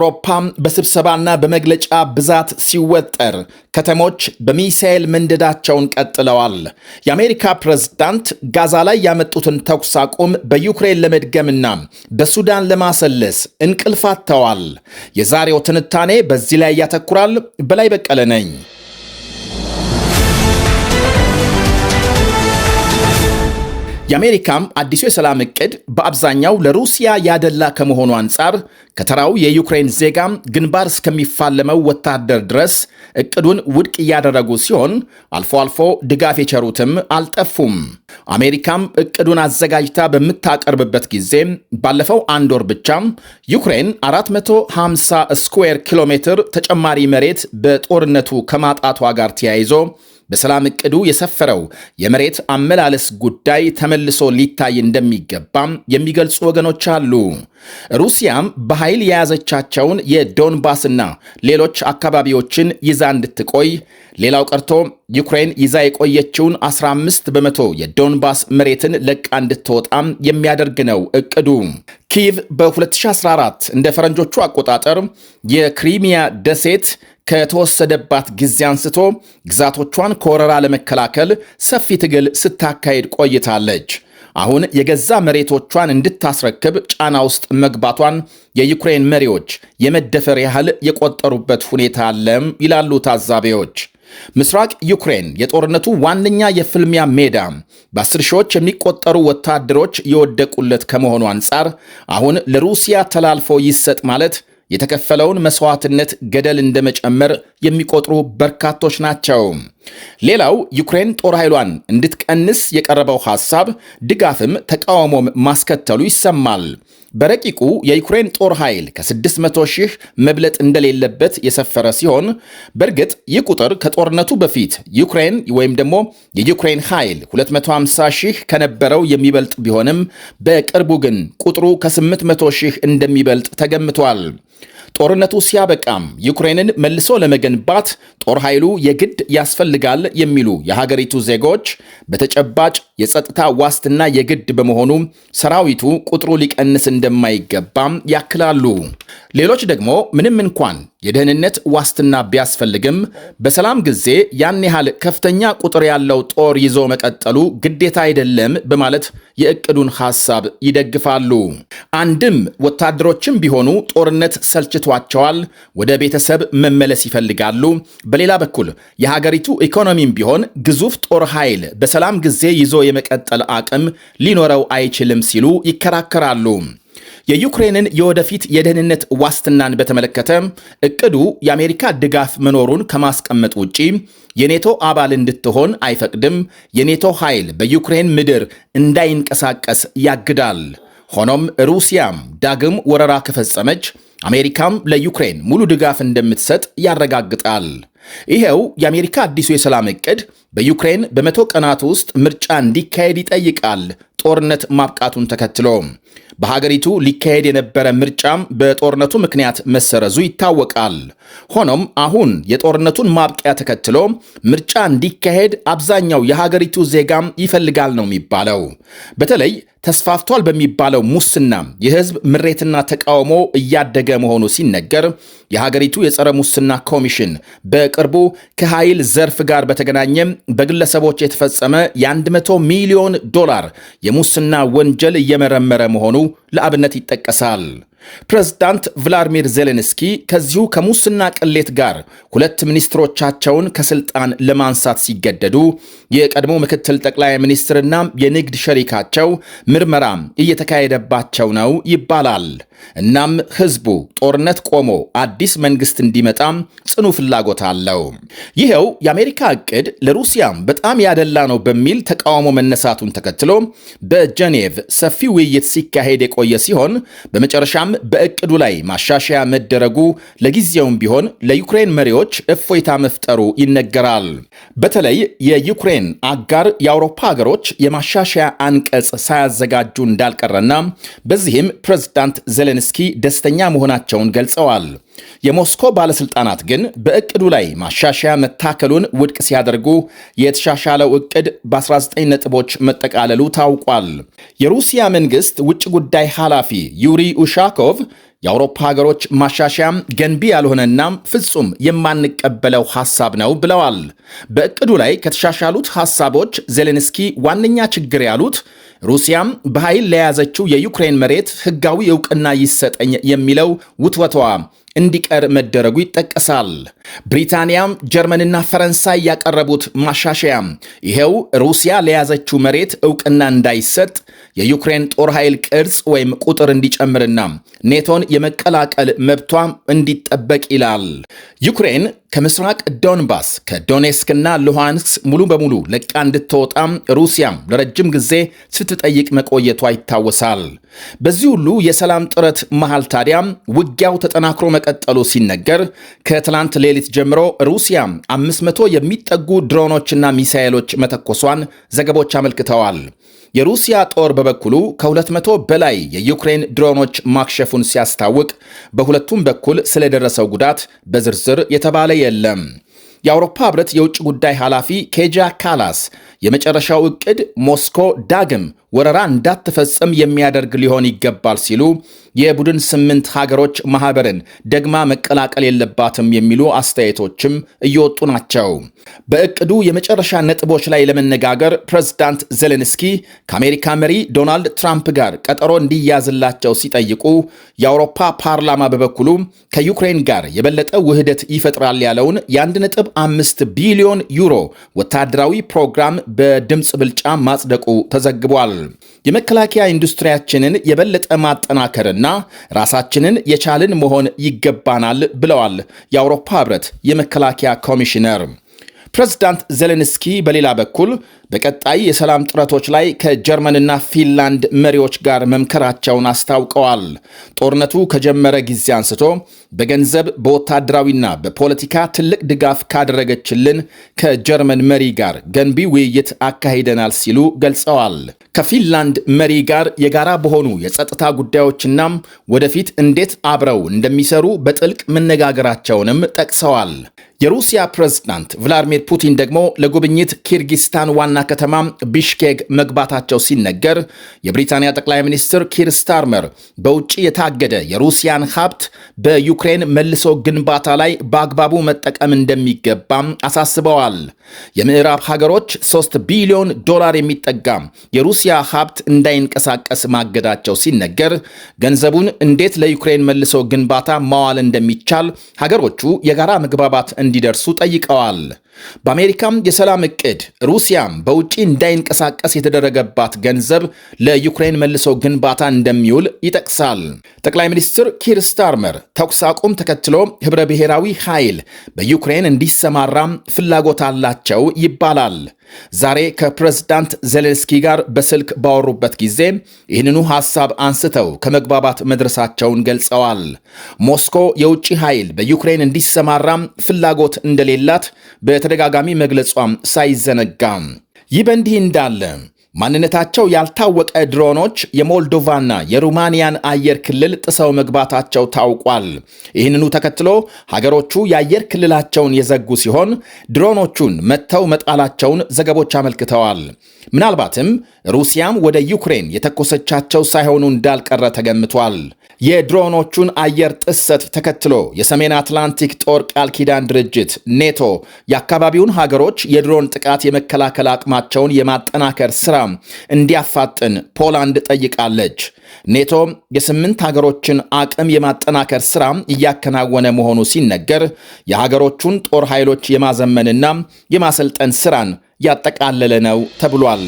አውሮፓም በስብሰባና በመግለጫ ብዛት ሲወጠር ከተሞች በሚሳኤል መንደዳቸውን ቀጥለዋል። የአሜሪካ ፕሬዝዳንት ጋዛ ላይ ያመጡትን ተኩስ አቁም በዩክሬን ለመድገምና በሱዳን ለማሰለስ እንቅልፍ አጥተዋል። የዛሬው ትንታኔ በዚህ ላይ ያተኩራል። በላይ በቀለ ነኝ። የአሜሪካም አዲሱ የሰላም እቅድ በአብዛኛው ለሩሲያ ያደላ ከመሆኑ አንጻር ከተራው የዩክሬን ዜጋም ግንባር እስከሚፋለመው ወታደር ድረስ እቅዱን ውድቅ እያደረጉ ሲሆን አልፎ አልፎ ድጋፍ የቸሩትም አልጠፉም። አሜሪካም እቅዱን አዘጋጅታ በምታቀርብበት ጊዜ ባለፈው አንድ ወር ብቻ ዩክሬን 450 ስኩዌር ኪሎ ሜትር ተጨማሪ መሬት በጦርነቱ ከማጣቷ ጋር ተያይዞ በሰላም እቅዱ የሰፈረው የመሬት አመላለስ ጉዳይ ተመልሶ ሊታይ እንደሚገባም የሚገልጹ ወገኖች አሉ። ሩሲያም በኃይል የያዘቻቸውን የዶንባስና ሌሎች አካባቢዎችን ይዛ እንድትቆይ ሌላው ቀርቶ ዩክሬን ይዛ የቆየችውን 15 በመቶ የዶንባስ መሬትን ለቃ እንድትወጣም የሚያደርግ ነው እቅዱ። ኪቭ በ2014 እንደ ፈረንጆቹ አቆጣጠር የክሪሚያ ደሴት ከተወሰደባት ጊዜ አንስቶ ግዛቶቿን ከወረራ ለመከላከል ሰፊ ትግል ስታካሄድ ቆይታለች። አሁን የገዛ መሬቶቿን እንድታስረክብ ጫና ውስጥ መግባቷን የዩክሬን መሪዎች የመደፈር ያህል የቆጠሩበት ሁኔታ አለም ይላሉ ታዛቢዎች። ምስራቅ ዩክሬን የጦርነቱ ዋነኛ የፍልሚያ ሜዳ በአስር ሺዎች የሚቆጠሩ ወታደሮች የወደቁለት ከመሆኑ አንጻር አሁን ለሩሲያ ተላልፎ ይሰጥ ማለት የተከፈለውን መስዋዕትነት ገደል እንደመጨመር የሚቆጥሩ በርካቶች ናቸው። ሌላው ዩክሬን ጦር ኃይሏን እንድትቀንስ የቀረበው ሐሳብ ድጋፍም ተቃውሞም ማስከተሉ ይሰማል። በረቂቁ የዩክሬን ጦር ኃይል ከ600 ሺህ መብለጥ እንደሌለበት የሰፈረ ሲሆን በእርግጥ ይህ ቁጥር ከጦርነቱ በፊት ዩክሬን ወይም ደግሞ የዩክሬን ኃይል 250 ሺህ ከነበረው የሚበልጥ ቢሆንም በቅርቡ ግን ቁጥሩ ከ800 ሺህ እንደሚበልጥ ተገምቷል። ጦርነቱ ሲያበቃም ዩክሬንን መልሶ ለመገንባት ጦር ኃይሉ የግድ ያስፈልጋል የሚሉ የሀገሪቱ ዜጎች በተጨባጭ የጸጥታ ዋስትና የግድ በመሆኑ ሰራዊቱ ቁጥሩ ሊቀንስ እንደማይገባም ያክላሉ። ሌሎች ደግሞ ምንም እንኳን የደህንነት ዋስትና ቢያስፈልግም በሰላም ጊዜ ያን ያህል ከፍተኛ ቁጥር ያለው ጦር ይዞ መቀጠሉ ግዴታ አይደለም በማለት የእቅዱን ሐሳብ ይደግፋሉ። አንድም ወታደሮችም ቢሆኑ ጦርነት ሰልችቷቸዋል፣ ወደ ቤተሰብ መመለስ ይፈልጋሉ። በሌላ በኩል የሀገሪቱ ኢኮኖሚም ቢሆን ግዙፍ ጦር ኃይል በሰላም ጊዜ ይዞ የመቀጠል አቅም ሊኖረው አይችልም ሲሉ ይከራከራሉ። የዩክሬንን የወደፊት የደህንነት ዋስትናን በተመለከተ እቅዱ የአሜሪካ ድጋፍ መኖሩን ከማስቀመጥ ውጪ የኔቶ አባል እንድትሆን አይፈቅድም። የኔቶ ኃይል በዩክሬን ምድር እንዳይንቀሳቀስ ያግዳል። ሆኖም ሩሲያም ዳግም ወረራ ከፈጸመች አሜሪካም ለዩክሬን ሙሉ ድጋፍ እንደምትሰጥ ያረጋግጣል። ይኸው የአሜሪካ አዲሱ የሰላም እቅድ በዩክሬን በመቶ ቀናት ውስጥ ምርጫ እንዲካሄድ ይጠይቃል። ጦርነት ማብቃቱን ተከትሎ በሀገሪቱ ሊካሄድ የነበረ ምርጫም በጦርነቱ ምክንያት መሰረዙ ይታወቃል። ሆኖም አሁን የጦርነቱን ማብቂያ ተከትሎ ምርጫ እንዲካሄድ አብዛኛው የሀገሪቱ ዜጋም ይፈልጋል ነው የሚባለው። በተለይ ተስፋፍቷል በሚባለው ሙስና የህዝብ ምሬትና ተቃውሞ እያደገ መሆኑ ሲነገር የሀገሪቱ የጸረ ሙስና ኮሚሽን በቅርቡ ከኃይል ዘርፍ ጋር በተገናኘ በግለሰቦች የተፈጸመ የ100 ሚሊዮን ዶላር የሙስና ወንጀል እየመረመረ መሆኑ ለአብነት ይጠቀሳል። ፕሬዝዳንት ቭላድሚር ዜሌንስኪ ከዚሁ ከሙስና ቅሌት ጋር ሁለት ሚኒስትሮቻቸውን ከስልጣን ለማንሳት ሲገደዱ የቀድሞ ምክትል ጠቅላይ ሚኒስትርና የንግድ ሸሪካቸው ምርመራም እየተካሄደባቸው ነው ይባላል። እናም ህዝቡ ጦርነት ቆሞ አዲስ መንግስት እንዲመጣም ጽኑ ፍላጎት አለው። ይኸው የአሜሪካ እቅድ ለሩሲያም በጣም ያደላ ነው በሚል ተቃውሞ መነሳቱን ተከትሎ በጀኔቭ ሰፊ ውይይት ሲካሄድ የቆየ ሲሆን በመጨረሻም እናም በእቅዱ ላይ ማሻሻያ መደረጉ ለጊዜውም ቢሆን ለዩክሬን መሪዎች እፎይታ መፍጠሩ ይነገራል። በተለይ የዩክሬን አጋር የአውሮፓ ሀገሮች የማሻሻያ አንቀጽ ሳያዘጋጁ እንዳልቀረና በዚህም ፕሬዝዳንት ዜሌንስኪ ደስተኛ መሆናቸውን ገልጸዋል። የሞስኮ ባለሥልጣናት ግን በእቅዱ ላይ ማሻሻያ መታከሉን ውድቅ ሲያደርጉ የተሻሻለው እቅድ በ19 ነጥቦች መጠቃለሉ ታውቋል። የሩሲያ መንግሥት ውጭ ጉዳይ ኃላፊ ዩሪ ኡሻኮቭ የአውሮፓ ሀገሮች ማሻሻያም ገንቢ ያልሆነና ፍጹም የማንቀበለው ሐሳብ ነው ብለዋል። በእቅዱ ላይ ከተሻሻሉት ሐሳቦች ዜሌንስኪ ዋነኛ ችግር ያሉት ሩሲያም በኃይል ለያዘችው የዩክሬን መሬት ህጋዊ እውቅና ይሰጠኝ የሚለው ውትወቷ እንዲቀር መደረጉ ይጠቀሳል። ብሪታንያም ጀርመንና ፈረንሳይ ያቀረቡት ማሻሻያ ይኸው ሩሲያ ለያዘችው መሬት እውቅና እንዳይሰጥ የዩክሬን ጦር ኃይል ቅርጽ ወይም ቁጥር እንዲጨምርና ኔቶን የመቀላቀል መብቷ እንዲጠበቅ ይላል። ዩክሬን ከምስራቅ ዶንባስ ከዶኔስክና ሉሃንስክ ሙሉ በሙሉ ለቃ እንድትወጣ ሩሲያ ለረጅም ጊዜ ስትጠይቅ መቆየቷ ይታወሳል። በዚህ ሁሉ የሰላም ጥረት መሃል ታዲያ ውጊያው ተጠናክሮ መቀጠሉ ሲነገር ከትላንት ሌሊት ጀምሮ ሩሲያ 500 የሚጠጉ ድሮኖችና ሚሳኤሎች መተኮሷን ዘገቦች አመልክተዋል። የሩሲያ ጦር በበኩሉ ከ200 በላይ የዩክሬን ድሮኖች ማክሸፉን ሲያስታውቅ በሁለቱም በኩል ስለደረሰው ጉዳት በዝርዝር የተባለ የለም። የአውሮፓ ህብረት የውጭ ጉዳይ ኃላፊ ኬጃ ካላስ የመጨረሻው እቅድ ሞስኮ ዳግም ወረራ እንዳትፈጽም የሚያደርግ ሊሆን ይገባል ሲሉ የቡድን ስምንት ሀገሮች ማኅበርን ደግማ መቀላቀል የለባትም የሚሉ አስተያየቶችም እየወጡ ናቸው። በእቅዱ የመጨረሻ ነጥቦች ላይ ለመነጋገር ፕሬዝዳንት ዜሌንስኪ ከአሜሪካ መሪ ዶናልድ ትራምፕ ጋር ቀጠሮ እንዲያዝላቸው ሲጠይቁ፣ የአውሮፓ ፓርላማ በበኩሉ ከዩክሬን ጋር የበለጠ ውህደት ይፈጥራል ያለውን የ1.5 ቢሊዮን ዩሮ ወታደራዊ ፕሮግራም በድምፅ ብልጫ ማጽደቁ ተዘግቧል። የመከላከያ ኢንዱስትሪያችንን የበለጠ ማጠናከርና ራሳችንን የቻልን መሆን ይገባናል ብለዋል የአውሮፓ ህብረት የመከላከያ ኮሚሽነር። ፕሬዝዳንት ዜሌንስኪ በሌላ በኩል በቀጣይ የሰላም ጥረቶች ላይ ከጀርመንና ፊንላንድ መሪዎች ጋር መምከራቸውን አስታውቀዋል። ጦርነቱ ከጀመረ ጊዜ አንስቶ በገንዘብ በወታደራዊና በፖለቲካ ትልቅ ድጋፍ ካደረገችልን ከጀርመን መሪ ጋር ገንቢ ውይይት አካሂደናል ሲሉ ገልጸዋል። ከፊንላንድ መሪ ጋር የጋራ በሆኑ የጸጥታ ጉዳዮችናም ወደፊት እንዴት አብረው እንደሚሰሩ በጥልቅ መነጋገራቸውንም ጠቅሰዋል። የሩሲያ ፕሬዝዳንት ቭላድሚር ፑቲን ደግሞ ለጉብኝት ኪርጊስታን ዋና ዋና ከተማ ቢሽኬክ መግባታቸው ሲነገር የብሪታንያ ጠቅላይ ሚኒስትር ኪር ስታርመር በውጭ የታገደ የሩሲያን ሀብት በዩክሬን መልሶ ግንባታ ላይ በአግባቡ መጠቀም እንደሚገባም አሳስበዋል። የምዕራብ ሀገሮች 3 ቢሊዮን ዶላር የሚጠጋ የሩሲያ ሀብት እንዳይንቀሳቀስ ማገዳቸው ሲነገር ገንዘቡን እንዴት ለዩክሬን መልሶ ግንባታ ማዋል እንደሚቻል ሀገሮቹ የጋራ መግባባት እንዲደርሱ ጠይቀዋል። በአሜሪካም የሰላም እቅድ ሩሲያም በውጪ እንዳይንቀሳቀስ የተደረገባት ገንዘብ ለዩክሬን መልሶ ግንባታ እንደሚውል ይጠቅሳል። ጠቅላይ ሚኒስትር ኪር ስታርመር ተኩስ አቁም ተከትሎ ኅብረ ብሔራዊ ኃይል በዩክሬን እንዲሰማራም ፍላጎት አላቸው ይባላል። ዛሬ ከፕሬዝዳንት ዜሌንስኪ ጋር በስልክ ባወሩበት ጊዜ ይህንኑ ሐሳብ አንስተው ከመግባባት መድረሳቸውን ገልጸዋል። ሞስኮ የውጭ ኃይል በዩክሬን እንዲሰማራም ፍላጎት እንደሌላት በተደጋጋሚ መግለጿም ሳይዘነጋም ይህ በእንዲህ እንዳለ ማንነታቸው ያልታወቀ ድሮኖች የሞልዶቫና የሩማንያን አየር ክልል ጥሰው መግባታቸው ታውቋል። ይህንኑ ተከትሎ ሀገሮቹ የአየር ክልላቸውን የዘጉ ሲሆን ድሮኖቹን መጥተው መጣላቸውን ዘገቦች አመልክተዋል። ምናልባትም ሩሲያም ወደ ዩክሬን የተኮሰቻቸው ሳይሆኑ እንዳልቀረ ተገምቷል። የድሮኖቹን አየር ጥሰት ተከትሎ የሰሜን አትላንቲክ ጦር ቃል ኪዳን ድርጅት ኔቶ የአካባቢውን ሀገሮች የድሮን ጥቃት የመከላከል አቅማቸውን የማጠናከር ስራ እንዲያፋጥን ፖላንድ ጠይቃለች። ኔቶ የስምንት ሀገሮችን አቅም የማጠናከር ስራ እያከናወነ መሆኑ ሲነገር የሀገሮቹን ጦር ኃይሎች የማዘመንና የማሰልጠን ስራን ያጠቃለለ ነው ተብሏል።